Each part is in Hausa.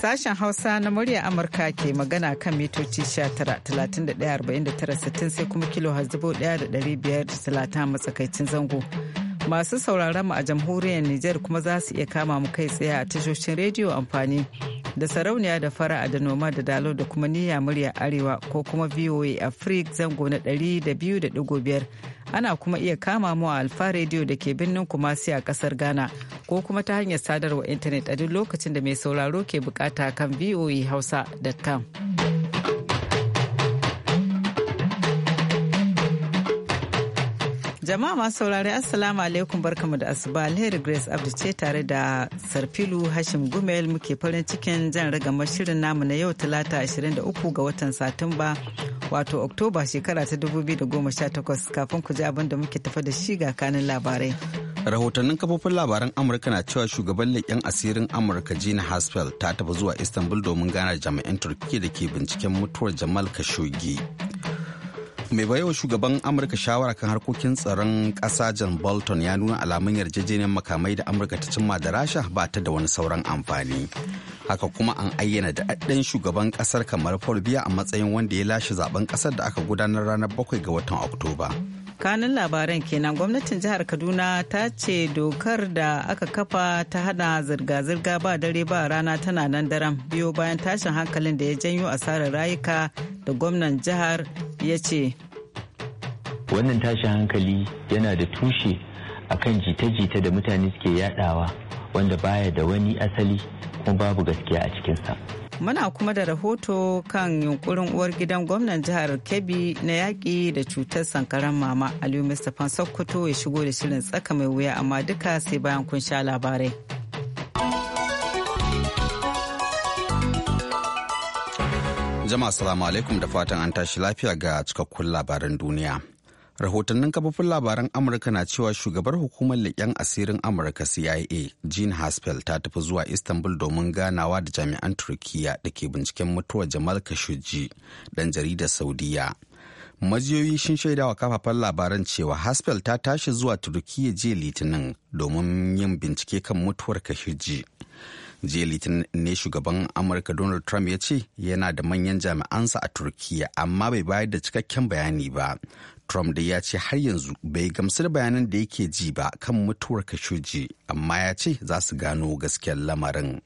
Sashen Hausa na murya Amurka ke magana kan mitoci 19,31,49,60 sai kuma kilo hazibo 1,530 matsakaicin zango. Masu sauraron mu a jamhuriyar Nijar kuma za su iya kama mu kai tsaye a tashoshin rediyo amfani da sarauniya da fara'a da noma da dalo da kuma niyya murya arewa ko kuma VOA free zango na 200.5 ana kuma iya kama mu a alfa rediyo da ke birnin kumasi a kasar ghana ko kuma ta hanyar sadarwa intanet a duk lokacin da mai sauraro ke bukata kan voa hausa.com Jama'a masu saurari Assalamu alaikum barkamu da asuba alheri Grace Abdu ce tare da Sarfilu Hashim Gumel muke farin cikin jan ragamar shirin namu na yau talata 23 ga watan Satumba wato Oktoba shekara ta 2018 kafin ku ji abin da muke tafa da shi ga kanin labarai. Rahotannin kafofin labaran Amurka na cewa shugaban leƙen asirin Amurka Gina Haspel ta tafi zuwa Istanbul domin gana jami'an Turkiyya da ke binciken mutuwar Jamal Khashoggi. mai baiwa shugaban amurka shawara kan harkokin tsaron ƙasa john bolton ya nuna alamun yarjejeniyar makamai da amurka ta cimma da rasha ba ta da wani sauran amfani haka kuma an ayyana da ɗaɗɗen shugaban ƙasar kamar paul biya a matsayin wanda ya lashe zaben ƙasar da aka gudanar ranar 7 ga watan oktoba kanun labaran kenan gwamnatin jihar kaduna ta ce dokar da aka kafa ta hana zirga-zirga ba dare ba rana tana nan daren biyo bayan tashin hankalin da ya janyo asarar rayuka da gwamnan jihar ya ce wannan tashin hankali yana da tushe a kan jita-jita da mutane suke yadawa wanda baya da wani asali kuma babu gaskiya a cikinsa Muna kuma da rahoto kan yunkurin uwar gidan gwamnan jihar Kebbi na yaƙi da cutar sankaran mama Aliyu Mustapha Sokoto ya shigo da shirin tsaka mai wuya amma duka sai bayan kun sha labarai. Jama'a salamu alaikum da fatan an tashi lafiya ga cikakkun labaran duniya. rahotannin kafafun labaran amurka na cewa shugabar hukumar leƙen asirin amurka cia jean haspel ta tafi zuwa istanbul domin ganawa da jami'an turkiya da ke binciken mutuwar jamal khashoggi dan jaridar saudiya majiyoyi sun shaida wa kafafen labaran cewa haspel ta tashi zuwa turkiya jiya litinin domin yin bincike kan mutuwar khashoggi jiya litinin ne shugaban amurka donald trump ya ce yana da manyan jami'ansa a turkiya amma bai bayar da cikakken bayani ba Trump da ya ce har yanzu bai gamsu da bayanan da yake ji ba kan mutuwar Khashoggi amma ya ce za su gano gaskiyar lamarin.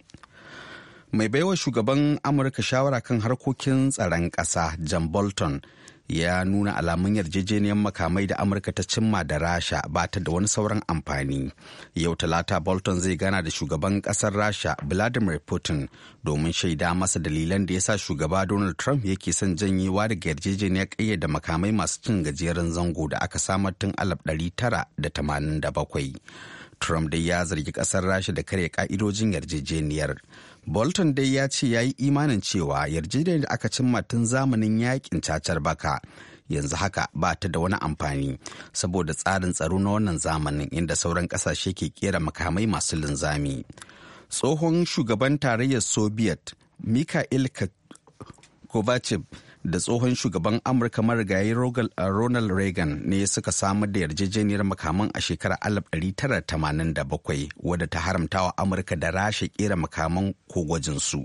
Mai baiwa shugaban Amurka shawara kan harkokin tsaron ƙasa John Bolton ya nuna alamun yarjejeniyar makamai da amurka ta cimma da rasha ba ta da wani sauran amfani yau talata bolton zai gana da shugaban kasar rasha vladimir putin domin shaida masa dalilan da ya sa shugaba donald trump yake son janyewa daga yarjejeniyar kayyada makamai masu cin gajeren zango da aka samar tun 1987 trump dai ya zargi kasar rasha da kare ka'idojin yarjejeniyar bolton dai ya ce ya yi imanin cewa yarjejeniyar da aka cimma tun zamanin yakin cacar baka yanzu haka ba ta da wani amfani saboda tsarin tsaro na wannan zamanin inda sauran kasashe ke kera makamai masu linzami tsohon shugaban tarayyar soviet mikhail kovachev da tsohon shugaban amurka marigayi uh, ronald reagan ne suka samar da yarjejeniyar makaman a shekarar 1987 wadda ta haramta wa amurka da rasha kera makaman ko su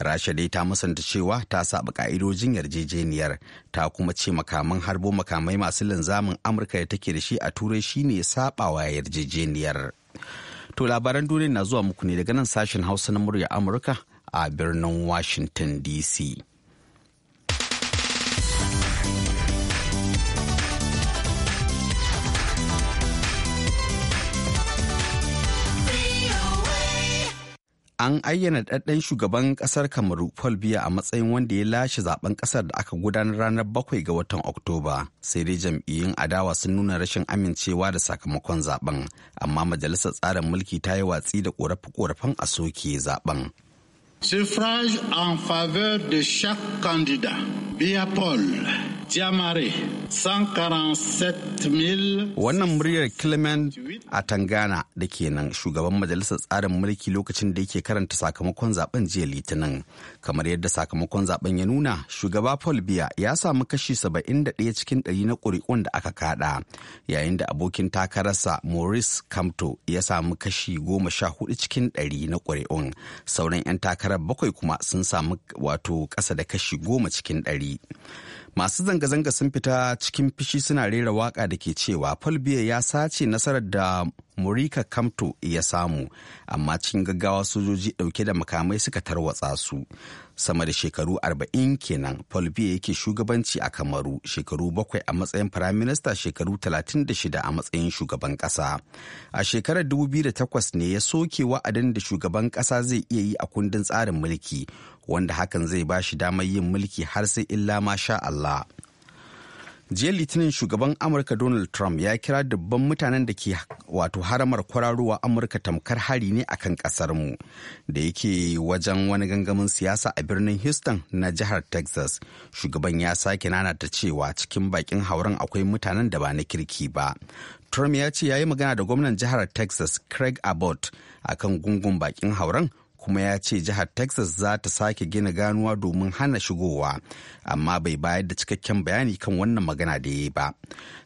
rasha dai ta musanta cewa ta saba ka'idojin yarjejeniyar ta kuma ce makaman harbo makamai masu linzamin amurka da take da shi a turai shine sabawa yarjejeniyar to labaran duniya na zuwa muku ne daga nan sashen hausa na murya amurka a birnin washington dc an ayyana ɗaɗɗen shugaban ƙasar kamaru paul biya a matsayin wanda ya lashe zaben ƙasar da aka gudanar ranar bakwai ga watan oktoba sai dai jam'iyyun adawa sun nuna rashin amincewa da sakamakon zaben amma majalisar tsarin mulki ta yi watsi da ƙorafe-ƙorafen a soke zaben Suffrage en faveur de chaque candidat. Paul Diamare, 147,000. Wannan muryar Clement a Tangana da ke nan, shugaban majalisar tsarin mulki lokacin da yake karanta sakamakon zaben jiya litinin. Kamar yadda sakamakon zaben ya nuna, shugaba Paul Biya ya samu kashi 71 cikin 100 na ƙuri'un da aka kada, yayin da abokin takararsa Maurice Kamto ya samu kashi 14 cikin 100 na ƙuri'un. Sauran 'yan takarar shekarar bakwai kuma sun samu wato ƙasa da kashi goma cikin ɗari. Masu zanga-zanga sun fita cikin fishi suna rera waka da ke cewa falbiya ya sace nasarar da Morika Kamto ya samu, amma cikin gaggawa sojoji ɗauke da makamai suka tarwatsa su. sama da shekaru 40 kenan Paul Biya yake shugabanci a Kamaru shekaru bakwai a matsayin firaminista shekaru 36 a matsayin shugaban kasa A shekarar 2008 ne ya soke wa'adin da shugaban kasa zai iya yi a kundin tsarin mulki wanda hakan zai ba shi damar yin mulki har sai illa ma sha Allah. jiya litinin shugaban amurka donald trump ya kira dubban mutanen da ke wato haramar kwararowa amurka tamkar hari ne akan mu da yake wajen wani gangamin siyasa a birnin houston na jihar texas shugaban ya sake nanata cewa cikin bakin hauren akwai mutanen da ba na kirki ba trump ya ce ya yi magana da gwamnan jihar texas craig abbott akan gungun bakin hauren kuma ya ce jihar texas za ta sake gina ganuwa domin hana shigowa amma bai bayar da cikakken bayani kan wannan magana da ya yi ba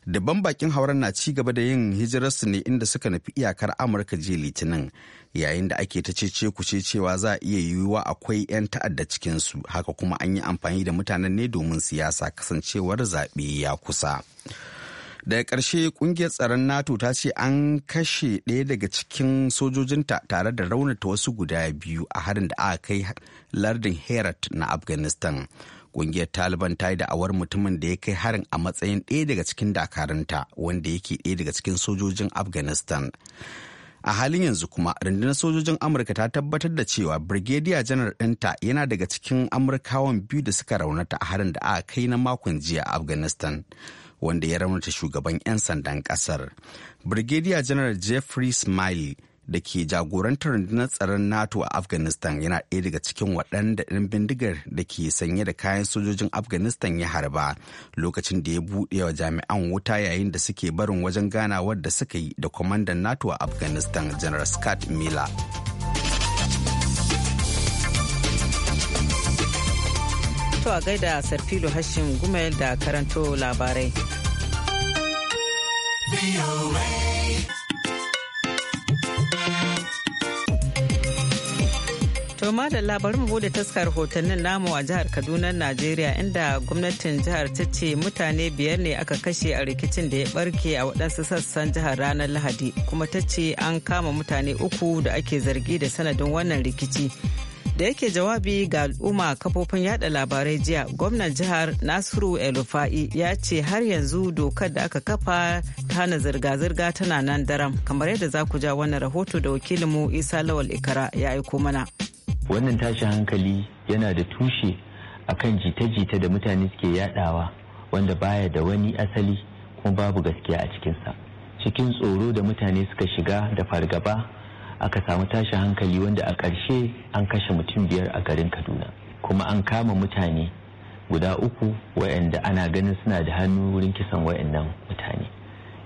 dabban bakin hauren na ci gaba da yin hijirarsu ne inda suka nufi iyakar amurka jiya litinin yayin da ake ta cece kuce cewa za a iya yiwuwa akwai 'yan ta'adda cikinsu haka kuma an yi amfani da mutanen ne domin siyasa kasancewar zaɓe ya kusa. daga ƙarshe ƙungiyar tsaron nato ta ce an kashe ɗaya daga cikin sojojinta tare da raunata wasu guda biyu a harin da aka kai lardin herat na afghanistan ƙungiyar taliban ta yi da'awar mutumin da ya kai harin a matsayin ɗaya daga cikin dakarunta wanda yake ɗaya daga cikin sojojin afghanistan a halin yanzu kuma rundunar sojojin amurka ta tabbatar da cewa brigadier janar ɗinta yana daga cikin amurkawan biyu da suka raunata a harin da aka kai na makon jiya a afghanistan wanda ya raunata shugaban 'yan sandan kasar. Brigadier General Jeffrey Smiley da ke jagorantar rundunar tsaron NATO a Afghanistan yana ɗaya daga cikin waɗanda ɗin bindigar da ke sanye da kayan sojojin Afghanistan ya harba lokacin da ya buɗe wa jami'an wuta yayin da suke barin wajen ganawar da suka yi da kwamandan NATO a Afghanistan General Scott Miller. To a gaida Sarfilo hashin Gumel da karanto labarai. Toma da labarin bude taskar hotonnin namu a jihar Kaduna, Najeriya inda gwamnatin jihar ta ce mutane biyar ne aka kashe a rikicin da ya barke a waɗansu sassan jihar ranar Lahadi kuma ta ce an kama mutane uku da ake zargi da sanadin wannan rikici. da yake jawabi ga al'umma kafofin yada labarai jiya gwamnan jihar nasiru elufa'i ya ce har yanzu dokar da aka kafa ta hana zirga-zirga tana nan daram kamar yadda za ku ja wannan rahoto da wakilinmu isa lawal ikara ya aiko mana wannan tashin hankali yana da tushe a kan jita-jita da mutane suke yadawa wanda baya da wani asali kuma babu gaskiya a cikinsa cikin tsoro da mutane suka shiga da fargaba aka samu tashin hankali wanda a ƙarshe an kashe mutum biyar a garin kaduna kuma an kama mutane guda uku wayanda ana ganin suna da hannu wurin kisan wayannan mutane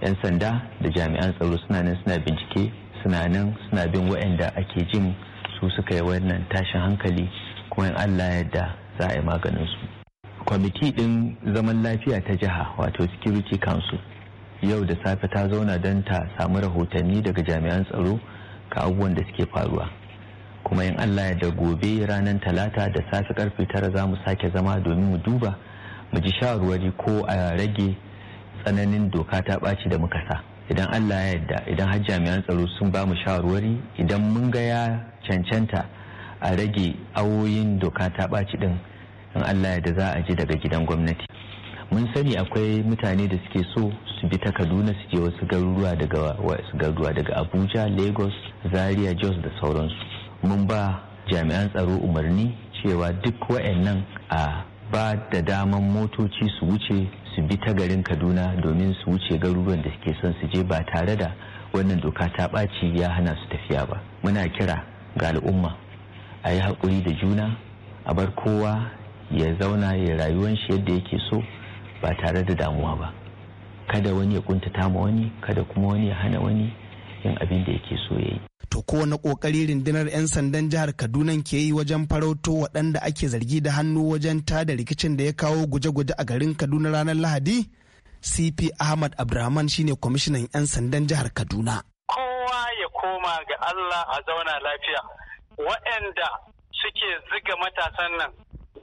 yan sanda da jami'an tsaro suna nan suna bincike suna nan suna bin wayanda ake jin su suka yi wannan tashin hankali kuma in allah yadda za a yi maganin su kwamiti din zaman lafiya ta jiha wato security council yau da safe ta zauna don ta samu rahotanni daga jami'an tsaro maka abubuwan da suke faruwa kuma in allah ya da gobe ranar talata da safe karfe tara za mu sake zama domin mu duba mu ji shawarwari ko a rage tsananin doka ta ɓaci da muka sa idan allah ya yarda idan har jami'an tsaro sun ba mu shawarwari idan mun ga ya cancanta a rage awoyin doka ta ɓaci din in allah ya da za a ji daga gidan gwamnati mun sani akwai mutane da suke so su bi ta kaduna su je wasu garuruwa daga wasu garuruwa daga abuja lagos zaria jos da sauransu mun ba jami'an tsaro umarni cewa duk wa'annan a ba da daman motoci su wuce su bi ta garin kaduna domin su wuce garuruwan da suke son su je ba tare da wannan doka ta ɓaci ya hana su tafiya ba muna kira ga al'umma a yi haƙuri da juna a bar kowa ya zauna ya rayuwan shi yadda yake so ba tare da damuwa ba kada wani ya kuntata ma wani kada kuma wani ya hana wani yin abin da yake so ya yi to na kokari rundunar 'yan sandan jihar kaduna ke yi wajen farauto waɗanda ake zargi da hannu wajen tada rikicin da ya kawo guje-guje a garin kaduna ranar lahadi cp ahmad abdulrahman shine kwamishinan 'yan sandan jihar kaduna kowa ya koma ga allah a zauna lafiya waɗanda suke ziga matasan nan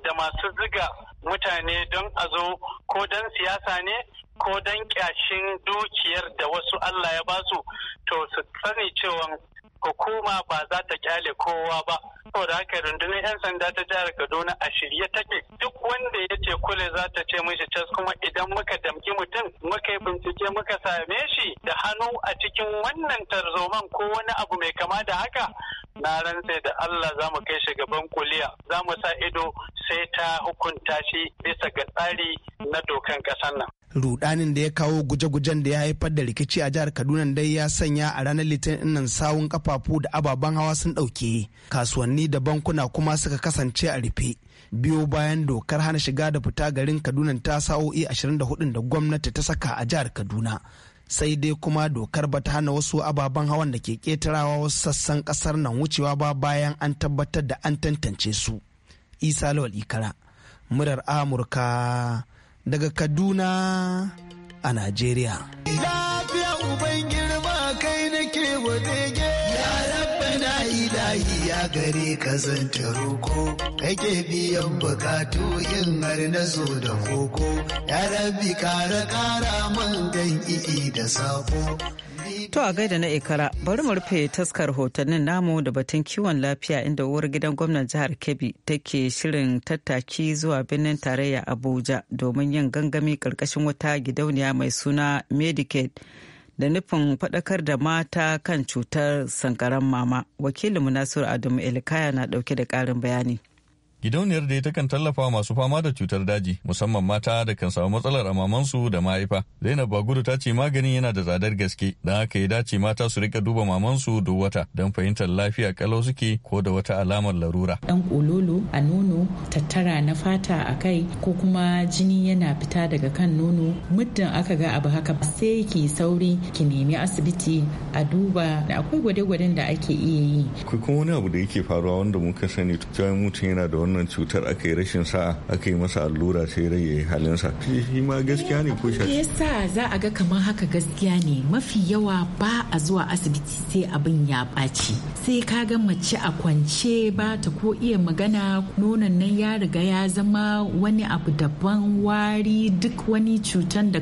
da masu ziga mutane don a zo ko don siyasa ne ko don kyashin dukiyar da wasu Allah ya basu to su sani cewa hukuma ba za ta kyale kowa ba saboda haka rundunar 'yan sanda ta jihar kaduna a shirye take duk wanda ya ce kule za ta ce mishi cas kuma idan muka damki mutum muka yi bincike muka same shi da hannu a cikin wannan tarzoman ko wani abu mai kama da haka na rantse da Allah za mu kai shi gaban kuliya za mu sa ido sai ta hukunta shi bisa ga tsari na dokan ƙasar nan. rudanin da ya kawo guje-gujen da ya haifar da rikici a jihar kaduna dai ya sanya a ranar litinin nan sawun kafafu da ababen hawa sun ɗauke kasuwanni da bankuna kuma suka kasance a rufe biyo bayan dokar hana shiga da fita garin kaduna ta sa'o'i 24 da gwamnati ta saka a jihar kaduna sai dai kuma dokar ba ta hana wasu ababen hawan da ke ketarawa wasu sassan kasar nan wucewa ba bayan an tabbatar da an tantance su isa lawal ikara murar amurka daga kaduna a najeriya ubangi. ilahi ya gare ka zanta roko kake biyan bukatu yin har na zo da koko ya rabbi kara kara man dan i'i da sako To a gaida na ikara bari mu rufe taskar hotonnin namu da batun kiwon lafiya inda uwar gidan gwamnan jihar Kebbi take shirin tattaki zuwa birnin tarayya Abuja domin yin gangami karkashin wata gidauniya mai suna Medicaid. da nufin faɗakar da mata kan cutar sankaran mama wakilinmu nasiru adamu elikaya na ɗauke da ƙarin bayani Gidauniyar da takan tallafa masu fama da cutar daji musamman mata da kan samu matsalar amamansu da mahaifa. Zainab Bagudu ta ce maganin yana da tsadar gaske don haka ya dace mata su rika duba mamansu duk wata don fahimtar lafiya kalau suke ko da wata alamar larura. Dan kololo a nono tattara na fata a kai ko kuma jini yana fita daga kan nono muddin aka ga abu haka sai ki sauri ki nemi asibiti a duba akwai gwade-gwaden da ake iya yi. kai kuma wani abu da yake faruwa wanda muka sani cewa mutum yana da wani wannan cutar aka yi rashin sa aka yi masa allura sai rage halinsa shi ma gaskiya ne ko shi yasa za a ga kamar haka gaskiya ne mafi yawa ba a zuwa asibiti sai abin ya ɓaci sai ka ga mace a kwance ba ta ko iya magana nonon nan ya riga ya zama wani abu daban wari duk wani cutan da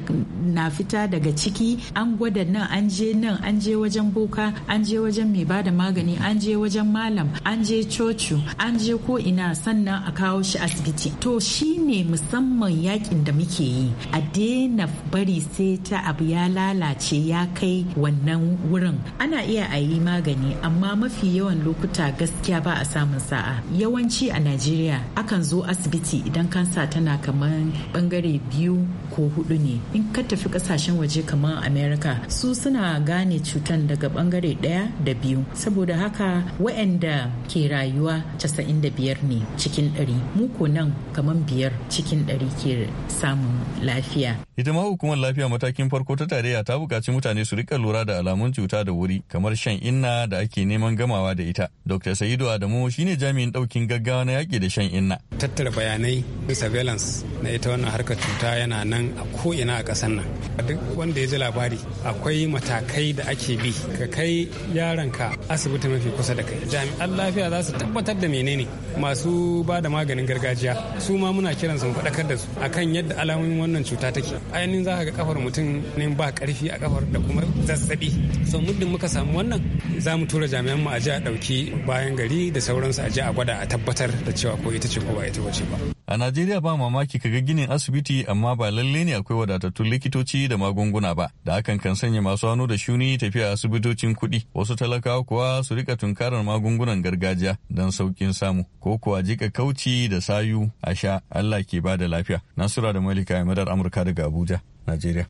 na fita daga ciki an gwada nan an je nan an je wajen boka an je wajen mai bada magani an je wajen malam an je cocu an je ko ina san sannan a kawo shi asibiti to shi ne musamman yakin da muke yi a daina bari sai ta abu ya lalace ya kai wannan wurin ana iya a yi magani amma mafi yawan lokuta gaskiya ba a samun sa'a yawanci a najeriya akan zo asibiti idan kansa tana kamar bangare biyu ko hudu ne in ka tafi kasashen waje kamar america su suna gane cutan daga bangare daya da biyu saboda haka waɗanda ke rayuwa 95 ne cikin ɗari muku nan kamar biyar cikin ɗari ke samun lafiya. Ita ma hukumar lafiya matakin farko ta tarayya ta buƙaci mutane su rika lura da alamun cuta da wuri kamar shan inna da ake neman gamawa da ita. Dr. Sa'idu Adamu shine jami'in ɗaukin gaggawa na yaƙi da shan inna. Tattara bayanai surveillance na ita wannan harkar cuta yana nan a ko'ina a ƙasar nan. Duk wanda ya ji labari akwai matakai da ake bi ka kai yaronka asibiti mafi kusa da kai. Jami'an lafiya za su tabbatar da menene masu ba da maganin gargajiya su ma muna kiran su faɗakar da su akan yadda alamomin wannan cuta take ainihin za ka ga kafar mutum ne ba karfi a kafar da kuma zazzabi so muddin muka samu wannan za mu tura jami'an mu a je a ɗauki bayan gari da sauransu a je a gwada a tabbatar da cewa ko ita ce ko ba ita ba ce ba A Najeriya ba mamaki ka ga ginin asibiti amma ba lalle ne akwai wadatattun likitoci da magunguna ba, da hakan kan sanya masu hannu da shuni tafiya asibitocin kuɗi, wasu talakawa kuwa su rika tunkarar magungunan gargajiya don saukin samu, ko kuwa jika kauci da sayu a sha Allah ke ba da lafiya. Nasura da Malika Madar Amurka daga Abuja, Najeriya.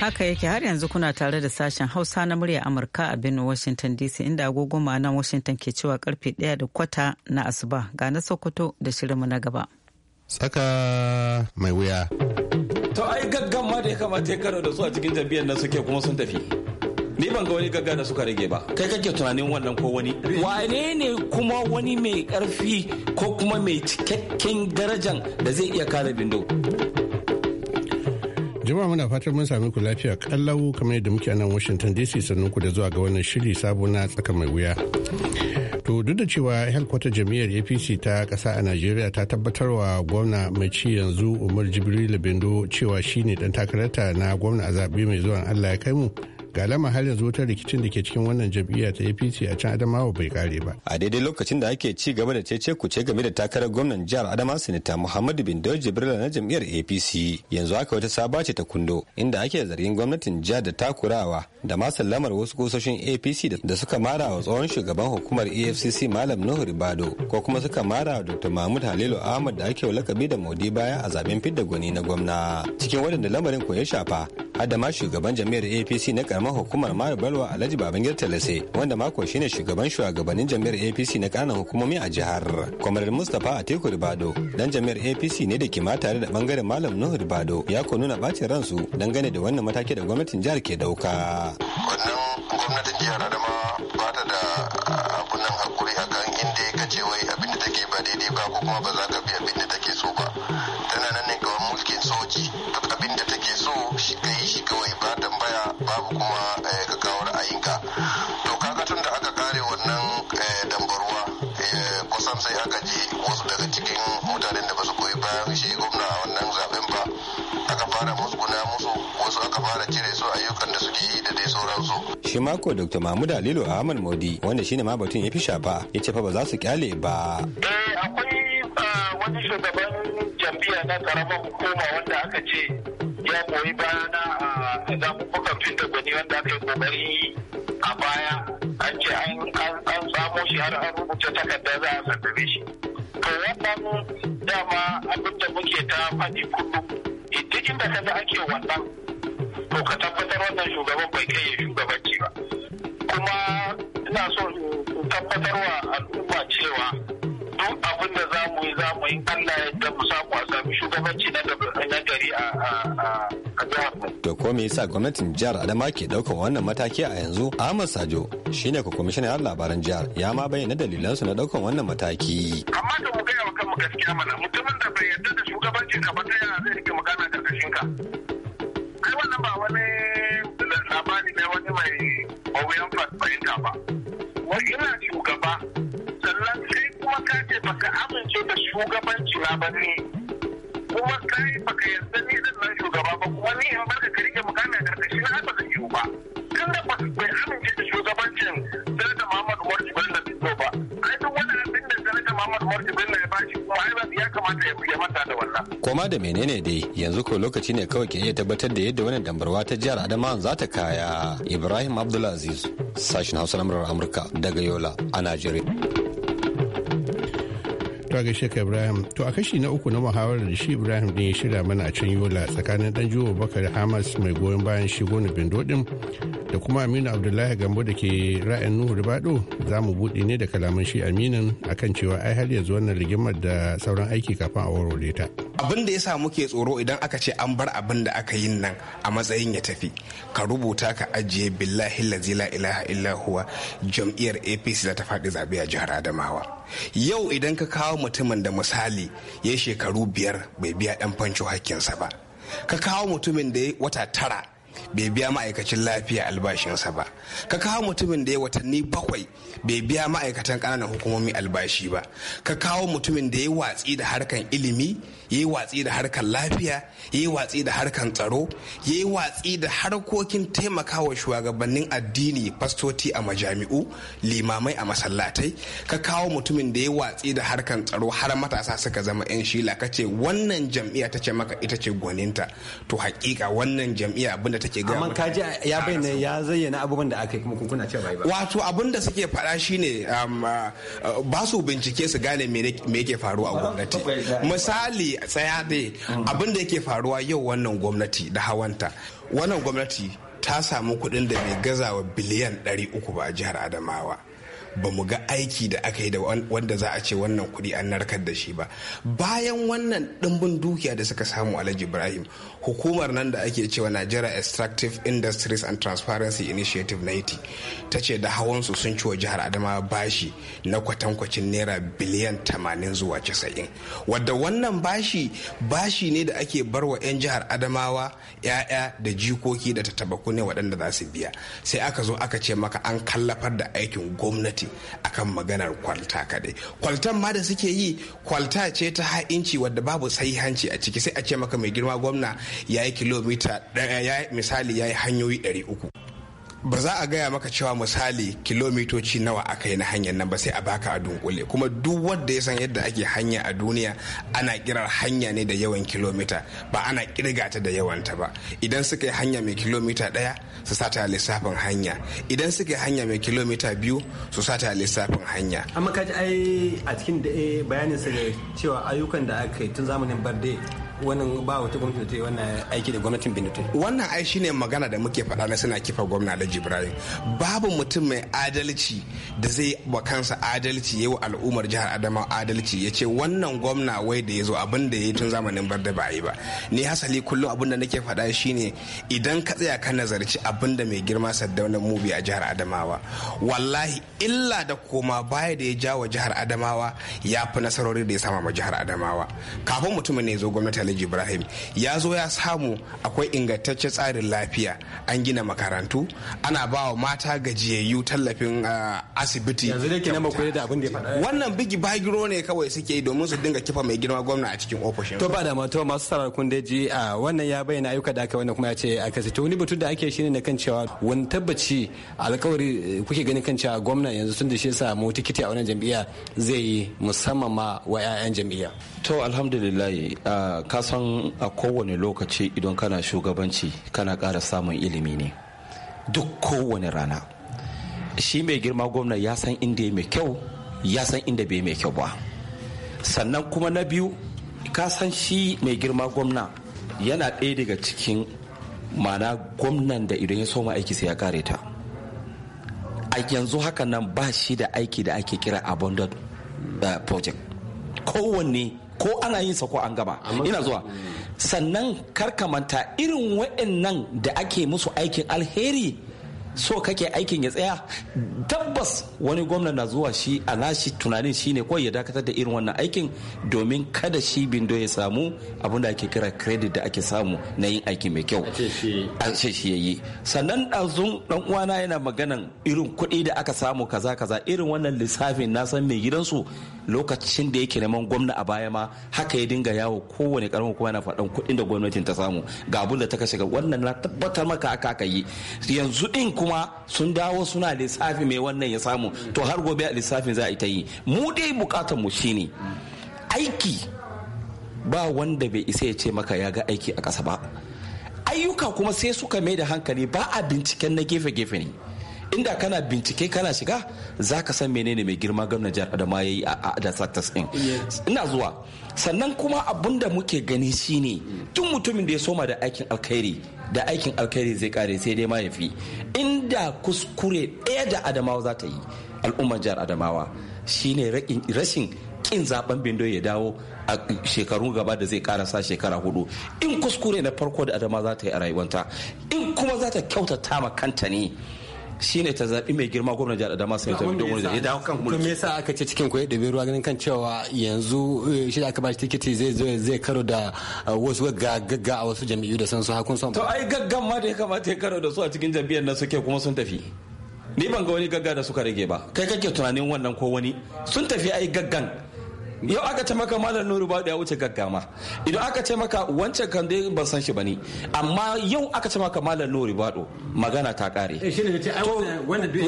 Haka yake har yanzu kuna tare da sashen Hausa na murya Amurka a Benin Washington DC inda agogo nan Washington ke cewa karfe daya da kwata na asuba ga na Sokoto da shirinmu na gaba. Tsaka mai wuya. To ai gaggama da ya kamata ya karo da su a cikin jam'iyyar nan suke kuma sun tafi. Ni ban ga wani gagga da suka rage ba. Kai kake tunanin wannan ko wani. Wane ne kuma wani mai karfi ko kuma mai cikakken darajan da zai iya kare bindo. Jama'a muna fatan mun sami ku lafiya kallau kamar yadda muke a nan Washington DC sannan ku da zuwa ga wannan shiri sabo na tsaka mai wuya. To duk da cewa helkwata jam'iyyar APC ta ƙasa a nigeria ta tabbatarwa gwamna mai ci yanzu Umar Jibril Bindo cewa shine dan takarata na gwamna a zaɓe mai zuwa. Allah ya kai mu ga lama har yanzu wutar rikicin da ke cikin wannan jam'iyya ta apc a can adamawa bai kare ba a daidai lokacin da ake ci gaba da cece kuce game da takarar gwamnan jihar adama sinita muhammadu bin dawo jibrila na jam'iyyar apc yanzu aka wata saba ce ta kundo inda ake zargin gwamnatin jihar da takurawa da ma sallamar wasu kusoshin apc da suka mara wa tsohon shugaban hukumar efcc malam nuhu ribado ko kuma suka mara wa dr mahmud halilu ahmad da ake lakabi da modi baya a zaben fidda gwani na gwamna cikin waɗanda lamarin ko ya shafa adama shugaban jam'iyyar apc na karamar hukumar mara balwa alhaji babangir talase wanda mako shine shugaban shugabannin jami'ar apc na kanan hukumomi a jihar kwamarar mustapha atiku ribado dan jami'ar apc ne da ke ma tare da bangaren malam nuhu ribado ya ko nuna bacin ransu gane da wannan mataki da gwamnatin jihar ke dauka wannan gwamnatin jihar adama ba ta da ah, abunan hakuri akan inda ya kace wai ba daidai ba ko kuma ba za ka bi abinda da take so ba mako dr mahmud alilu ahmad modi wanda shine ma batun ya fi shafa ya ce fa ba za su kyale ba eh, akwai ah, wani shugaban jami'a na karamar hukuma wanda aka ce ya goyi bayana a zaɓuɓɓukan fita gwani wanda aka yi kokari a baya an ce an samu shi har an rubuta takarda za a sallame shi to wannan dama abinda muke ta faɗi kullum duk inda kada ake wannan to ka tabbatar wannan shugaban bai kai ya cewa duk abin da za mu yi za mu yi Allah da mu samu a sami shugabanci na gari a jihar To ko me yasa gwamnatin jihar Adama ke daukan wannan mataki a yanzu? Ahmad Sajo shine ko kwamishinan labaran jihar ya ma bayyana dalilansu na daukan wannan mataki. Amma da mu gaya wa kanmu gaskiya mana mutumin da bai yarda da shugabanci ka ba ta yana zai rike magana da ka. Kai wannan ba wani labari ne wani mai mawuyan fahimta ba. Wani ina shugaba sannan kai kuma ka ce baka amince da shugabanci na ba ne kuma kai baka yarda ni zan nan shugaba ba kuma ni in barka ka rike mukami a karkashin na ba zai yiwu ba tun da ba bai amince da shugabancin sanata Muhammadu Morsi da fito ba ai duk wani abin da sanata Muhammadu Morsi da ya bashi kuma ai ya kamata ya fiye mata da wannan. Koma da menene dai yanzu ko lokaci ne kawai ke iya tabbatar da yadda wannan dambarwa ta jihar Adama za ta kaya Ibrahim Abdulaziz sashin Hausa na Amurka daga Yola a Najeriya. to a gaishe ka ibrahim to a kashi na uku na muhawarar da shi ibrahim din ya shirya mana a can yola tsakanin dan jiwo bakar hamas mai goyon bayan shigo na bindo da kuma aminu abdullahi gambo da ke ra'ayin nuhu ribado za mu buɗe ne da kalaman shi aminin akan cewa ai har yanzu wannan rigimar da sauran aiki kafin a warware ta. abin da ya sa muke tsoro idan aka ce an bar abin da aka yin nan a matsayin ya tafi ka rubuta ka ajiye billahi lazi la ilaha illa jam'iyyar apc da ta faɗi zaɓe a jihar adamawa yau idan ka kawo mutumin da misali ya shekaru biyar bai biya ɗan fanco hakkinsa ba ka kawo mutumin da ya wata tara bai biya ma'aikacin lafiya albashinsa ba ka kawo mutumin da ya watanni bakwai bai biya ma'aikatan kananan hukumomi albashi ba ka kawo mutumin da ya watsi da harkan ilimi ya yi watsi da harkan lafiya ya yi watsi da harkan tsaro ya yi watsi da harkokin taimakawa shugabannin addini fastoti a majami'u limamai a masallatai ka kawo mutumin da ya watsi da harkan tsaro har matasa suka zama 'yan shila ka ce wannan jam'iyya ta ce maka ita ce gwaninta to hakika wannan jam'iyya abinda ta take gaya amma kaji ya bayyana ya zayyana abubuwan da aka yi kuma kuna cewa bai ba wato abin da suke faɗa shine um, uh, uh, ba su bincike su gane me yake faruwa a gwamnati misali tsaya da mm. abin da yake faruwa yau wannan gwamnati da hawanta wannan gwamnati ta samu kuɗin da bai gazawa biliyan 300 ba a jihar adamawa ba mu ga aiki da aka yi da wanda za a ce wannan kuɗi an narkar da shi ba bayan wannan ɗimbin dukiya da suka samu alhaji ibrahim hukumar nan da ake cewa nigeria extractive industries and transparency initiative 90 ta ce da hawansu sun ci wa jihar adamawa bashi na kwatankwacin naira biliyan 80 zuwa 90 wadda wannan bashi bashi ne da ake barwa 'yan jihar adamawa 'ya'ya da jikoki da tattabaku ne waɗanda za su biya sai aka zo aka ce maka an kallafar da aikin gwamnati gwamnati akan maganar kwalta kadai kwaltan ma da suke yi kwalta ce ta ha'inci wadda babu sai hanci a ciki sai a ce maka mai girma gwamna ya yi kilomita misali ya yi hanyoyi 300 ba za a gaya maka cewa misali kilomitoci nawa aka yi na hanyar nan ba sai a baka a dunkule kuma duk wanda ya san yadda ake hanya a duniya ana kirar hanya ne da yawan kilomita ba ana kirga ta da yawan ta ba idan suka yi hanya mai kilomita ɗaya su sata lissafin hanya idan suka yi hanya mai kilomita biyu su sata lissafin hanya amma ji ai a cikin da eh, bayanin sa cewa ayyukan da aka yi tun zamanin barde wannan ba wata gwamnati ta yi wannan aiki da gwamnatin ta. Wannan ai shine magana da muke faɗa na suna kifa gwamna da Ibrahim. Babu mutum mai adalci da zai wa kansa adalci yau al'ummar jihar Adamawa adalci ya ce wannan gwamna wai da ya zo abin da ya yi tun zamanin barda ba yi ba. Ni hasali kullum abin da nake faɗa shine idan ka tsaya ka nazarci abin da mai girma Saddauna Mubi a jihar Adamawa. Wallahi illa da koma baya da ya ja wa jihar Adamawa ya fi nasarori da ya sama ma jihar Adamawa. Kafin mutumin ne ya zo gwamnati alhaji ibrahim ya zo ya samu akwai ingantaccen tsarin lafiya an gina makarantu ana ba wa mata gajiyayyu tallafin ah, asibiti wannan bigi bagiro ne kawai suke yi domin su dinga kifa mai girma gwamna a cikin ofishin to ba da to masu sarar kun daji a ah, wannan ya bayyana ayyuka da aka wannan kuma ya ce a kasi to wani batun da ake shine na kan cewa wani tabbaci alkawari eh, kuke ganin kan cewa gwamna yanzu tun da shi samu tikiti a wannan jam'iyya zai yi musamman ma wa 'ya'yan jam'iyya to alhamdulillah ah, ka ka san a kowane lokaci idan kana shugabanci kana ƙara samun ilimi ne duk kowane rana shi mai girma gwamna ya san inda ya mai kyau ya san inda bai mai kyau ba sannan kuma na biyu ka san shi mai girma gwamna yana ɗaya daga cikin mana gwamnan da idan ya soma aiki sai ya kare ta a yanzu hakan nan ba shi da aiki da ake kira abundant eh, project kowanne ko ana yin sa ko an gama ina zuwa sannan karkamanta irin nan da ake musu aikin alheri so kake aikin ya tsaya tabbas wani gwamna na zuwa shi a nashi tunanin shine kawai ya dakatar da irin wannan aikin domin kada shi bindo ya samu abinda da ake kira credit da ake samu na yin aiki mai kyau a ce shi ya yi sannan ɗazun ɗan uwana yana maganan irin kuɗi da aka samu kaza kaza irin wannan lissafin na san mai gidansu lokacin da yake neman gwamna a baya ma haka ya dinga yawo kowane karamin kuma yana faɗan kuɗin da gwamnatin ta samu ga abin da ta kashe wannan na tabbatar maka aka yi yanzu ɗin kuma kuma sun dawo suna lissafi mai wannan ya samu to har gobe a lissafin za a ita yi mu dai bukatar mu shine aiki ba wanda bai isa ya ce maka ya ga aiki a ƙasa ba ayyuka kuma sai suka mai da hankali ba a binciken na gefe-gefe ne inda kana bincike kana shiga za ka san menene mai girma gwamnan jihar adama ya yi a da din ina zuwa sannan kuma abun da muke gani shine tun mutumin da ya soma da aikin alkhairi da aikin alkhairi zai kare sai dai ma ya fi inda kuskure ɗaya da adamawa za ta yi al'ummar jihar adamawa shine rashin kin zaben bindo ya dawo a shekaru gaba da zai karasa shekara hudu in kuskure na farko da adamawa za ta yi a rayuwanta in kuma za ta kyautata ma kanta ne shine ta zaɓi mai girma gwamnan jihar adamawa sai ta bidon wani ya dawo kan mulki. Kuma yasa aka ce cikin koyi da ɗabi ruwa ganin kan cewa yanzu eh, shi da aka ba shi tikiti zai zo zai karo da eh, wasu gaggaga a wasu jam'iyyu da san su hakun son. To ai gaggan ma da ya kamata ya karo da su a cikin jam'iyyar nan suke kuma sun tafi. Ni ban ga wani gagga da suka rage ba. Kai kake tunanin wannan ko wani sun tafi ai gaggan. yau aka ce maka malam nuru ba ya wuce gaggama idan aka ce maka wancan kan dai ban san shi bane amma yau aka ce maka malam nuru ba magana ta kare eh,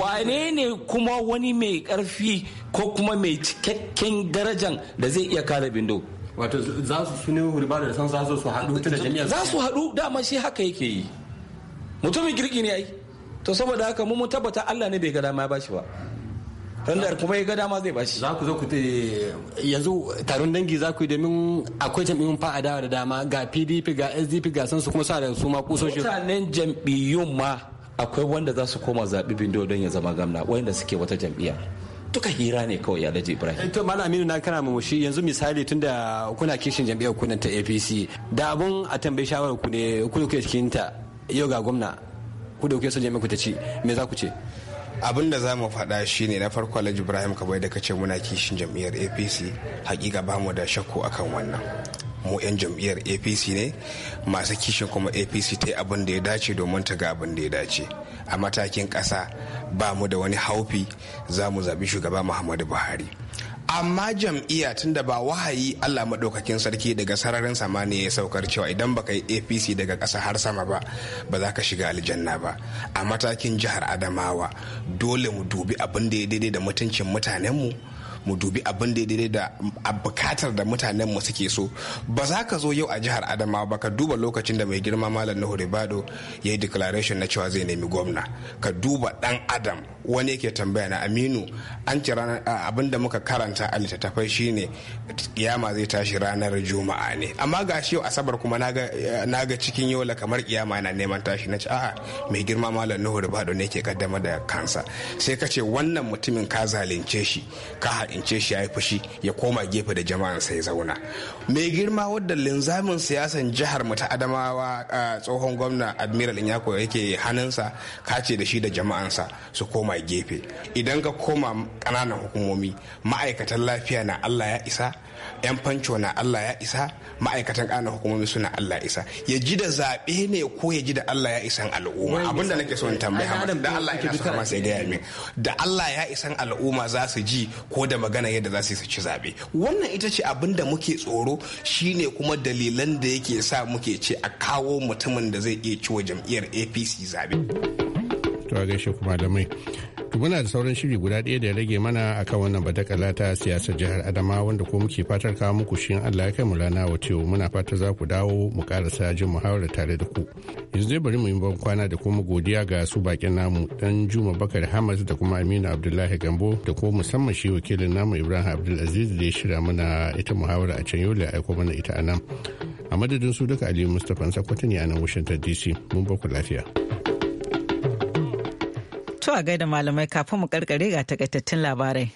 wane ne kuma wani mai karfi ko kuma mai cikakken darajan da zai iya kare bindo wato za su sune ba da san za su haɗu da jami'a za su haɗu dama shi haka yake yi mutumin kirki ne ai to saboda haka mu mun tabbata Allah ne bai ga dama ya bashi ba tandar kuma ya ga dama zai bashi za ku zo ku yanzu taron dangi za ku yi domin akwai jam'iyyun fa adawa da dama ga pdp ga sdp ga sansu kuma sa da su ma kusoshi mutanen jam'iyyun ma akwai wanda za su koma zaɓi bindo don ya zama gamna wanda suke wata jam'iyya duka hira ne kawai da ibrahim eh, to malam aminu na kana mamushi yanzu misali tunda kuna kishin jam'iyyar kunan ta apc da abun a tambayi shawarar ku ne ku da kuke cikin ta yau ga gwamna ku da kuke son jam'iyyar ku ta ci me za ku ce abin da za mu faɗa shi ne na farko alhaji ibrahim kabai da kace muna kishin jam'iyyar apc hakika ba mu da shakku akan wannan mu 'yan jam'iyyar apc ne masu kishin kuma apc ta yi abin da ya dace domin ta ga abin da ya dace a matakin ƙasa ba mu da wani haufi za mu zaɓi shugaba muhammadu buhari amma jam'iyya da ba wahayi Allah maɗaukakin sarki daga sararin samaniya ya saukar cewa idan ba ka yi APC daga ƙasa har sama ba ba za ka shiga aljanna ba a matakin jihar Adamawa dole mu dubi abin da ya daidai da mutuncin mutanenmu mu dubi abin da daidai da a bukatar da mutanen mu suke so ba za ka zo yau a jihar adama ba ka duba lokacin da mai girma malam nuhu ribado ya yi declaration na cewa zai nemi gwamna ka duba dan adam wani yake tambaya na aminu an ci abin da muka karanta a littattafai shine kiyama zai tashi ranar juma'a ne amma ga shi yau asabar kuma na ga cikin yola kamar kiyama yana neman tashi na ci a'a mai girma malam nuhu ribado ne ke kaddama da kansa sai ka ce wannan mutumin ka zalunce shi ka ce shi ya yi fushi ya koma gefe da sa ya zauna mai girma wadda linzamin siyasan jihar mu ta adamawa tsohon gwamna admiral inyako yake hannunsa kace da shi da jama'ansa su koma gefe idan ka koma ƙananan hukumomi ma'aikatan lafiya na allah ya isa 'yan fanco na Allah ya isa ma'aikatan kana hukumomi suna Allah ya isa ya ji da zaɓe ne ko ya ji da Allah ya isan al'umma abinda nake so in tambaya da Allah ya isa sai gaya min da Allah ya isan al'umma za su ji ko da magana yadda za su ci zaɓe wannan ita ce abin da muke tsoro shine kuma dalilan da yake sa muke ce a kawo mutumin da zai iya ciwo jam'iyyar apc zaɓe. to a gaishe kuma malamai to muna da sauran shiri guda ɗaya da ya rage mana akan wannan badakala ta siyasar jihar adama wanda ko muke fatar kawo muku shi allah ya kai mu rana wa cewa muna fatar za ku dawo mu karasa jin muhawara tare da ku yanzu dai bari mu yi ban kwana da kuma godiya ga su bakin namu dan juma bakar hamas da kuma aminu abdullahi gambo da ko musamman shi wakilin namu ibrahim abdulaziz da ya shirya mana ita muhawara a can yau da aiko mana ita a nan a madadin su duka aliyu mustapha sakwatani a nan washington dc mun ba ku lafiya. To a gaida malamai kafin mu karkare ga takaitattun labarai.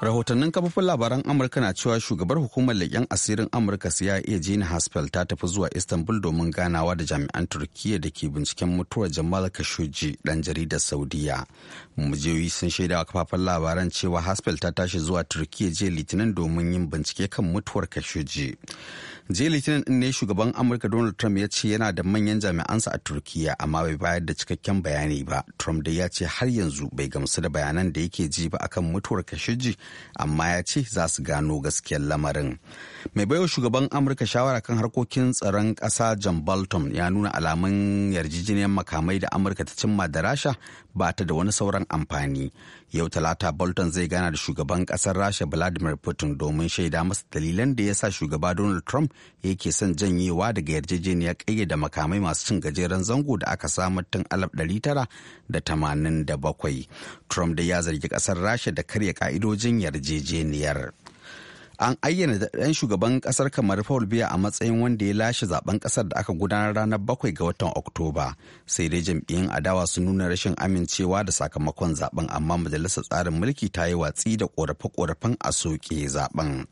rahotannin kafofin labaran amurka na cewa shugabar hukumar leƙen asirin amurka cia jini haspel ta tafi zuwa istanbul domin ganawa da jami'an turkiyya da ke binciken mutuwar jamal khashoggi dan jaridar saudiya mujiyoyi sun shaida wa kafafen labaran cewa haspel ta tashi zuwa turkiyya jiya litinin domin yin bincike kan mutuwar khashoggi jiya litinin ne shugaban amurka donald trump ya ce yana da manyan jami'ansa a turkiyya amma bai bayar da cikakken bayani ba trump dai ya ce har yanzu bai gamsu da bayanan da yake ji ba akan mutuwar khashoggi amma ya ce za su gano gaskiyar lamarin mai baiwa shugaban amurka shawara kan harkokin tsaron ƙasa john bolton ya nuna alamun yarjejeniyar makamai da amurka ta cimma da rasha ba ta da wani sauran amfani yau talata bolton zai gana da shugaban ƙasar rasha vladimir putin domin shaida masa dalilan da ya sa shugaba donald trump yake son janyewa daga yarjejeniyar ƙayyade makamai masu cin gajeren zango da aka samu tun 1987 trump da ya zargi ƙasar rasha da karya ƙa'idojin yarjejeniyar an ayyana ɗan shugaban ƙasar kamar Paul Biya a matsayin wanda ya lashe zaben ƙasar da aka gudanar ranar bakwai ga watan Oktoba. Sai dai jam'iyyun adawa sun nuna rashin amincewa da sakamakon zaben amma majalisar tsarin mulki ta yi watsi da ƙorafe-ƙorafen a soke zaben.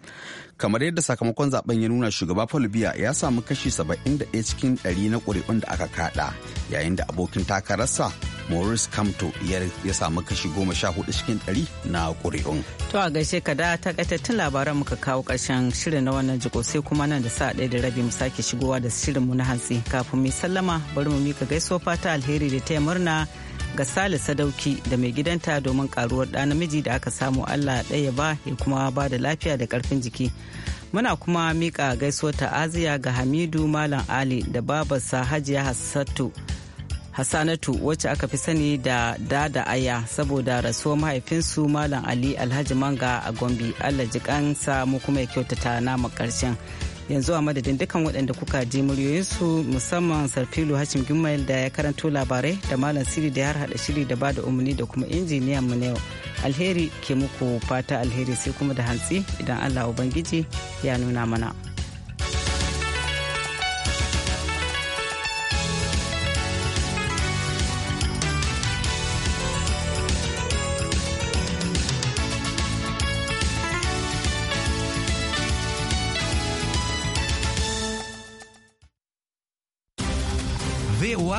Kamar yadda sakamakon zaben ya nuna shugaba Paul Biya ya samu kashi saba'in da 71 cikin ɗari na ƙuri'un da aka kaɗa yayin da abokin takararsa Morris kamto ya samu kashi goma sha hudu cikin ɗari na ƙuri'un. to a gaishe ka da takaitattun labaran muka kawo ƙarshen shirin na wannan jiko sai kuma nan da sa ɗaya da rabi mu sake shigowa da shirinmu na hantsi kafin mu sallama bari mu mika gaisuwa fata alheri da taya murna ga sale sadauki da mai gidanta domin karuwar ɗa namiji da aka samu allah ɗaya ba ya kuma ba da lafiya da ƙarfin jiki muna kuma mika gaisuwar ta'aziya ga hamidu malam ali da babarsa hajiya hassatu Hassanatu wacce aka fi sani da Dada Aya saboda rasuwar mahaifinsu Malam Ali Alhaji Manga a Gombe Allah ji kansa mu kuma ya kyautata nama karshen. Yanzu a madadin dukkan waɗanda kuka ji muryoyinsu musamman Sarfilu Hashim Gimayel da ya karanto labarai da Malam Siri da ya harhaɗa shiri da bada umarni da kuma injiniyan mu na yau. Alheri ke muku fata alheri sai kuma da hantsi idan Allah Ubangiji ya nuna mana.